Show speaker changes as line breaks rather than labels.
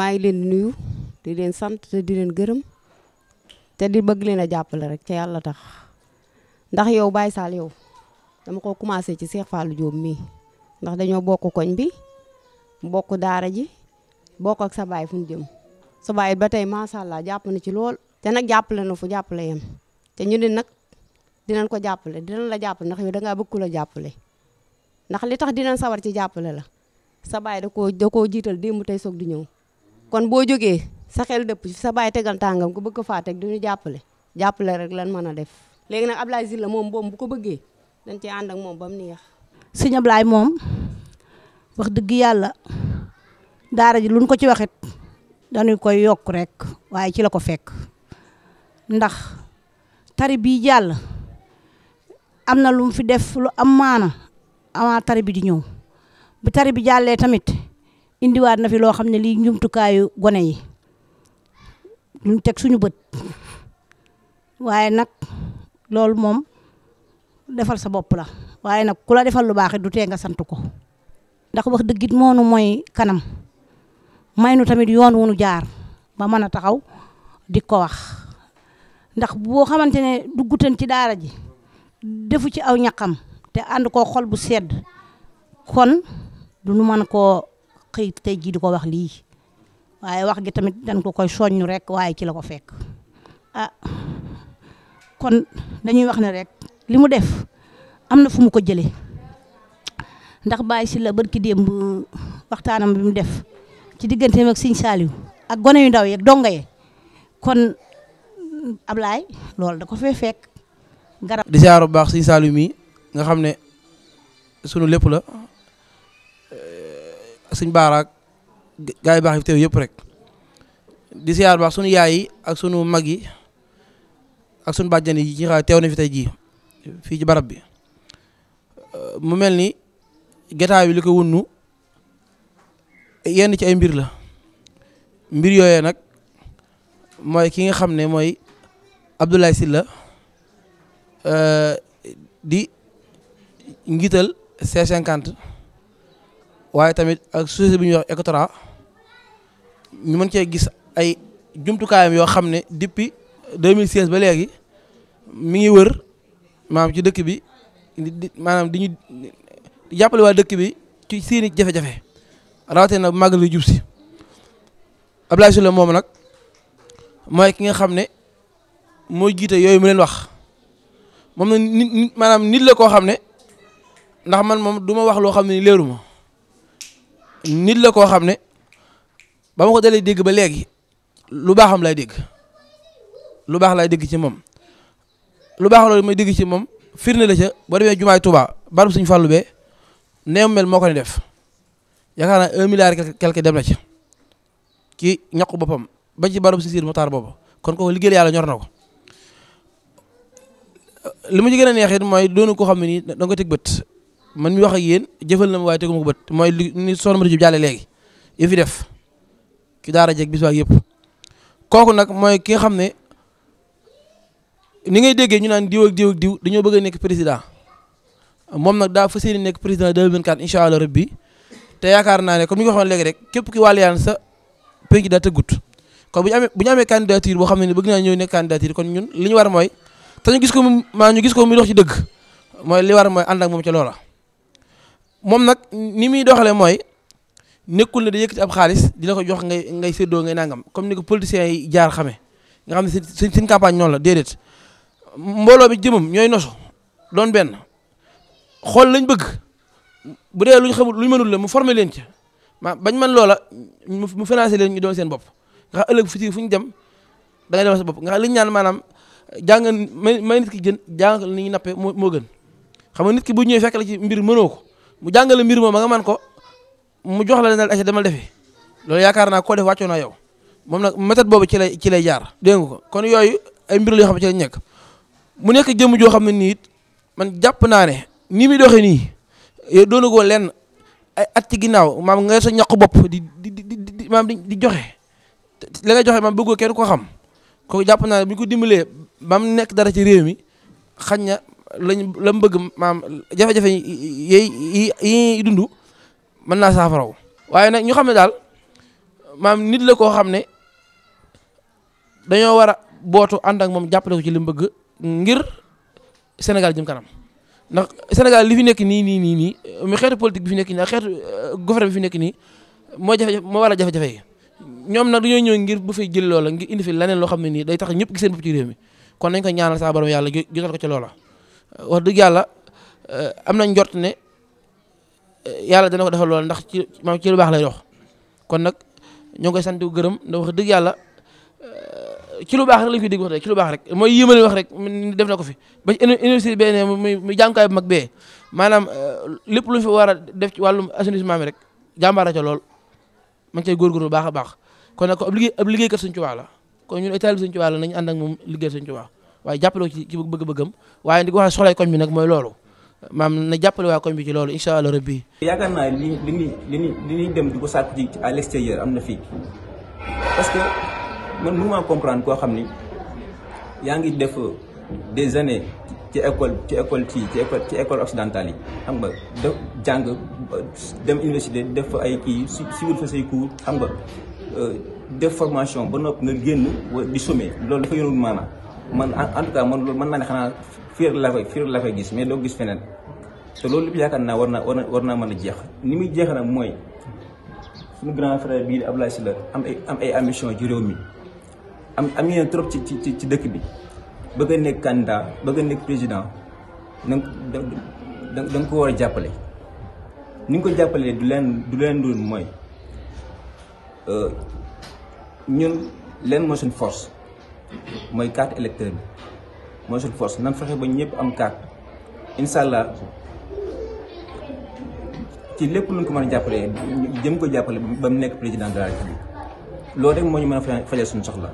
maa ngi leen nuyu di leen sant te di leen gërëm te di bëgg leen a jàppale rek ca yàlla tax ndax yow bàyyi Sall yow dama ko commencé ci Cheikh Fallou Diop mii ndax dañoo bokk koñ bi bokk daara ji bokk ak sa baay fu mu jëm sa baay ba tey macha allah jàpp na ci lool te nag jàppale na fu jàppale yam te ñu ne nag dinañ ko jàppale dinañ la jàppale ndax yow dangaa bëgg ku jàppale ndax li tax dinañ sawar ci jàppale la sa baay da koo da koo jiital démb tey soog di ñëw kon boo jógee sa xel dëpp sa baay tegal tàngam ku bëgg ko faa teg du ñu jàppale jàppale rek lan mën a def léegi nag Ablaye la moom boom bu ko bëggee dañ cee ànd ak moom ni mu neex. sëñ Ablaye moom wax dëgg yàlla daara ji luñ ko ci waxit dañuy koy yokk rek waaye ci la ko fekk ndax tari bii jàlla am na lu fi def lu am maana avant tari bi di ñëw bu tari bi jàllee tamit. indiwaat na fi loo xam ne lii njumtukaayu gone yi ñu teg suñu bët waaye nag loolu moom defal sa bopp la waaye nag ku la defal lu baax du tee nga sant ko ndax wax dëggit moonu mooy kanam may nu tamit yoon wu nu jaar ba mën a taxaw di ko wax ndax boo xamante ne duggutan ci daara ji defu ci aw ñaqam te ànd koo xol bu sedd kon du nu mën koo xëy tey jii di ko wax lii waaye wax gi tamit dañ ko koy soññu rek waaye ci la ko fekk ah kon dañuy wax ne rek li mu def am na fu mu ko jëlee ndax Baye Sylla barki démb waxtaanam bi mu def ci digganteem ak Sëñ Saaliw ak gone yu ndaw yeeg donga ye kon Ablaye loolu da ko fee garab di
siyaaru baax Sëñ Saaliw mi nga xam ne sunu lépp la sëñ baaraak gaa yi baax yi teew yëpp rek di siyaar baax sunu yaay yi ak sunu mag yi ak sunu bàjjan yi ñi xam teew na fi tey jii fii ci barab bi mu mel ni gataa bi li ko wunnu yenn ci ay mbir la mbir yooyee nag mooy ki nga xam ne mooy Abdoulaye Sylla euh, di njiital C50 waaye tamit ak société bi ñuy wax Ecotra ñu mën cee gis ay jumtukaayam yoo xam ne depuis 2016 ba léegi mi ngi wër maanaam ci dëkk bi maanaam di ñu jàppale waa dëkk bi ci seeni jafe-jafe nag màggal gi jub si Abdoulaye Sylla moom nag mooy ki nga xam ne mooy jiite yooyu mu leen wax moom na nit maanaam nit la koo xam ne ndax man moom duma wax loo xam ne leeru ma nit la koo xam ne ba ma ko dalee dégg ba léegi lu baaxam lay dégg lu baax lay dégg ci moom lu baax loolu may dégg ci moom firnde la ca boo demee jumaay Touba barab suñu fàllu moo ko ne def yaakaar naa un dem na ci ñaqu boppam ba ci barab si siir mu taar boobu kon kooku liggéeyal yàlla ñor na ko li mu ci gën neexit mooy doonu koo xam ne nii da teg bët man mi wax a yéen jëfal na ma waaye teguma ko bët mooy li ni soxna Mati Diop jàlle léegi yi fi def ki daara jeeg bis baa yëpp kooku nag mooy ki nga xam ne ni ngay deggee ñu naan diw ak diw ak diw dañoo bëgg nekk président moom nag daa fas yéene nekk président 2024 incha allah rabbi te yaakaar naa ne comme ni nga waxoon léegi rek képp ki wàllu yaan sa penc daa tëggut kon bu ñu amee bu ñu amee boo xam ne bëgg naa ñëw nekk candidature kon ñun li ñu war mooy te ñu gis ko maa ñu gis ko muy dox ci dëgg mooy li war mooy ànd ak moom ca loola. moom nag ni muy doxalee mooy nekkul na da yëkkati ab xaalis dina ko jox ngay ngay séddoo ngay nangam comme ni ko politiciens yi jaar xame nga xam ne seen seen campagne noonu la déedéet mbooloo bi jëmam ñooy nosu doon benn xool lañ bëgg bu dee luñ xamul luñ mënul la mu former leen ci ma bañ man loola mu financé leen ñu doon seen bopp nga xam ëllëg fu ñu dem da ngay demal sa bopp li naan maanaam jàng may nit ki gën jàng li ñu nappe moo moo gën xam nga nit ki bu ñëwee fekk la ci mbir mënoo ko. mu jàngale mbir moom ba nga man ko mu jox la leneen ak demal defi loolu yaakaar naa koo def wàccoo naa yow moom nag méthode boobu ci la ci lay jaar. dégg ko kon yooyu ay mbir la yoo xam ci lañ nekk mu nekk jëmm joo xam ne nii it man jàpp naa ne ni muy doxee nii yow doonagoo lenn ay at ci ginnaaw maam nga sa ñaq bopp di di di di maam di joxe la nga joxe maam bëggoo kenn ko xam ko jàpp naa ne bu ñu ko dimbalee ba nekk dara ci réew mi xañ na lañ la mu bëgg maam jafe-jafe yi yi dund mën naa saafaraw waaye nag ñu xam ne daal maam nit la koo xam ne dañoo war a bootu ànd ak moom jàppale ko ci li mu ngir Sénégal jëm kanam ndax Sénégal li fi nekk nii nii nii nii mu xeetu politique bi fi nekk nii ak xeetu euh, gouvernement bi fi nii moo jafe moo war a jafe-jafe yi ñoom nag dañoo ñëw ngir bu fay fi leneen loo xam ne nii day tax ñëpp gis seen bopp ci réew mi kon nañ ko ñaanal saa borom yàlla jotal ko ci loola. wax dëgg yàlla eh, am nañ njort ne eh, yàlla dana ko defal lool ndax ci maam ci lu baax lay dox kon nag ñoo ngi koy sant bu gërëm ndax wax dëgg yàlla eh, ci lu baax rek lañ koy dégg wax rek ci lu baax rek mooy yéemale wax rek def na ko fi ba ci université bee ne mu muy jàngukaay bu mag bee maanaam lépp lu fi war a def ci wàllum assainissement mi rek jàmbaara ca lool ma ngi cay góorgóorlu baax baax kon nag ab liggéey ab liggéeykat Sëñ Tuubaa la kon ñun état bi Sëñ Tuubaa la nañu ànd ak moom liggéey Sëñ Tuubaa waaye jàppale ko ci bëgg-bëggam waaye di ko waxee soxlay koñ bi nag mooy loolu maam na jàppale waa koñ bi ci loolu incha allah rabbi.
yaakaar naa li li ñuy li ñuy li ñuy dem di ko sàkk ci à l'extérieur am na fii parce que man mënu maa comprendre koo xam ni yaa ngi def des années ci école ci école ci ci école ci école occidentale yi xam nga def jàng dem université def fa ay kii si siwul fa say cours xam nga euh, def formation ba nopp nga génn di sommer loolu dafa yoroon maanaam. man en tout cas man loolu man naa ne xanaa fiir la fay fiir la fay gis mais doo gis feneen te loolu lépp yaakaar naa war na war na naa mën a jeex ni muy jeex nag mooy suñu grand frère bii di am ay am ay ambition ci am am yéen trop ci ci ci dëkk bi bëgg a nekk candidat bëgg a nekk président na da nga ko war a jàppale ni nga ko jàppalee du leen du leen dul mooy euh, ñun leen mooy suñu force mooy carte électeur bi mooy suñu force nan fexe ba ñëpp am carte incha allah ci lépp lu ñu ko mën a jàppalee jëm ko jàppale ba mu nekk président de la république loolu rek moo ñu mën a fajal suñu soxla.